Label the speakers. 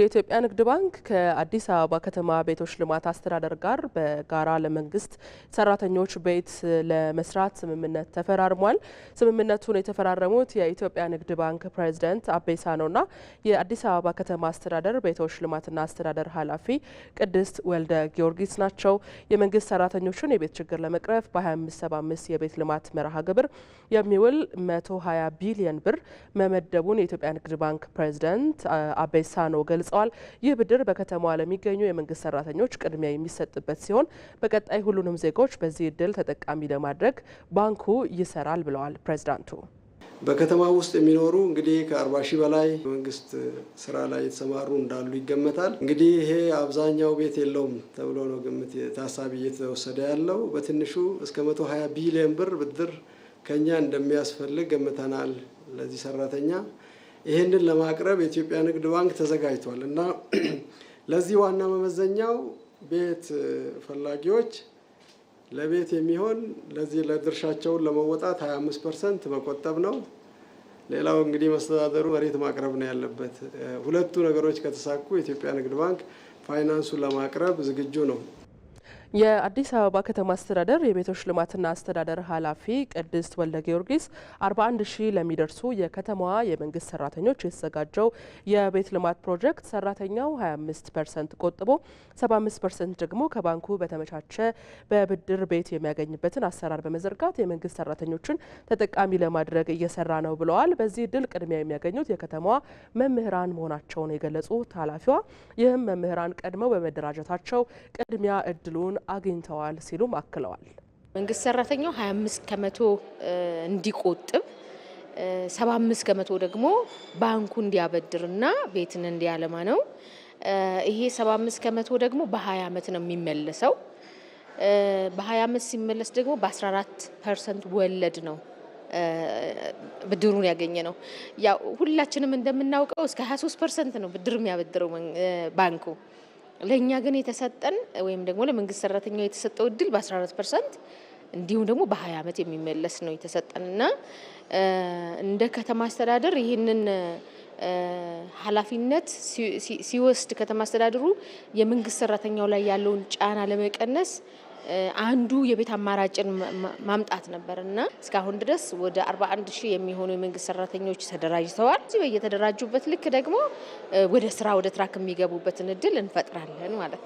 Speaker 1: የኢትዮጵያ ንግድ ባንክ ከአዲስ አበባ ከተማ ቤቶች ልማት አስተዳደር ጋር በጋራ ለመንግስት ሰራተኞች ቤት ለመስራት ስምምነት ተፈራርሟል። ስምምነቱን የተፈራረሙት የኢትዮጵያ ንግድ ባንክ ፕሬዚደንት ነው ና የአዲስ አበባ ከተማ አስተዳደር ቤቶች ልማትና አስተዳደር ኃላፊ ቅድስት ወልደ ጊዮርጊስ ናቸው። የመንግስት ሰራተኞችን የቤት ችግር ለመቅረፍ በ 2575 የቤት ልማት መርሃ ግብር የሚውል 120 ቢሊዮን ብር መመደቡን የኢትዮጵያ ንግድ ባንክ ፕሬዚደንት ነው ሳኖ ገልጸዋል። ይህ ብድር በከተማዋ ለሚገኙ የመንግስት ሰራተኞች ቅድሚያ የሚሰጥበት ሲሆን በቀጣይ ሁሉንም ዜጎች በዚህ እድል ተጠቃሚ ለማድረግ ባንኩ ይሰራል ብለዋል ፕሬዚዳንቱ።
Speaker 2: በከተማ ውስጥ የሚኖሩ እንግዲህ ከአርባ ሺህ በላይ መንግስት ስራ ላይ የተሰማሩ እንዳሉ ይገመታል። እንግዲህ ይሄ አብዛኛው ቤት የለውም ተብሎ ነው ግምት ታሳቢ እየተወሰደ ያለው በትንሹ እስከ መቶ ሀያ ቢሊዮን ብር ብድር ከኛ እንደሚያስፈልግ ገምተናል ለዚህ ሰራተኛ ይህንን ለማቅረብ የኢትዮጵያ ንግድ ባንክ ተዘጋጅቷል እና ለዚህ ዋና መመዘኛው ቤት ፈላጊዎች ለቤት የሚሆን ለዚህ ለድርሻቸውን ለመወጣት 25 ፐርሰንት መቆጠብ ነው። ሌላው እንግዲህ መስተዳደሩ መሬት ማቅረብ ነው ያለበት። ሁለቱ ነገሮች ከተሳኩ የኢትዮጵያ ንግድ ባንክ ፋይናንሱን ለማቅረብ ዝግጁ ነው።
Speaker 1: የአዲስ አበባ ከተማ አስተዳደር የቤቶች ልማትና አስተዳደር ኃላፊ ቅድስት ወልደ ጊዮርጊስ 41 ሺህ ለሚደርሱ የከተማዋ የመንግስት ሰራተኞች የተዘጋጀው የቤት ልማት ፕሮጀክት ሰራተኛው 25 ፐርሰንት ቆጥቦ 75 ፐርሰንት ደግሞ ከባንኩ በተመቻቸ በብድር ቤት የሚያገኝበትን አሰራር በመዘርጋት የመንግስት ሰራተኞችን ተጠቃሚ ለማድረግ እየሰራ ነው ብለዋል። በዚህ ድል ቅድሚያ የሚያገኙት የከተማዋ መምህራን መሆናቸውን የገለጹት ኃላፊዋ ይህም መምህራን ቀድመው በመደራጀታቸው ቅድሚያ እድሉን ውጤታቸውን አግኝተዋል ሲሉም አክለዋል።
Speaker 3: መንግስት ሰራተኛው 25 ከመቶ እንዲቆጥብ 75 ከመቶ ደግሞ ባንኩ እንዲያበድርና ቤትን እንዲያለማ ነው። ይሄ 75 ከመቶ ደግሞ በ20 ዓመት ነው የሚመለሰው። በ20 ዓመት ሲመለስ ደግሞ በ14 ፐርሰንት ወለድ ነው ብድሩን ያገኘ ነው። ያው ሁላችንም እንደምናውቀው እስከ 23 ፐርሰንት ነው ብድር የሚያበድረው ባንኩ። ለእኛ ግን የተሰጠን ወይም ደግሞ ለመንግስት ሰራተኛው የተሰጠው እድል በ14 ፐርሰንት እንዲሁም ደግሞ በ20 ዓመት የሚመለስ ነው የተሰጠን እንደ ከተማ አስተዳደር ይህንን ኃላፊነት ሲወስድ ከተማ አስተዳደሩ የመንግስት ሰራተኛው ላይ ያለውን ጫና ለመቀነስ አንዱ የቤት አማራጭን ማምጣት ነበር እና እስካሁን ድረስ ወደ 41 ሺህ የሚሆኑ የመንግስት ሰራተኞች ተደራጅተዋል። እዚህ በየተደራጁበት ልክ ደግሞ ወደ ስራ ወደ ትራክ የሚገቡበትን እድል እንፈጥራለን ማለት ነው።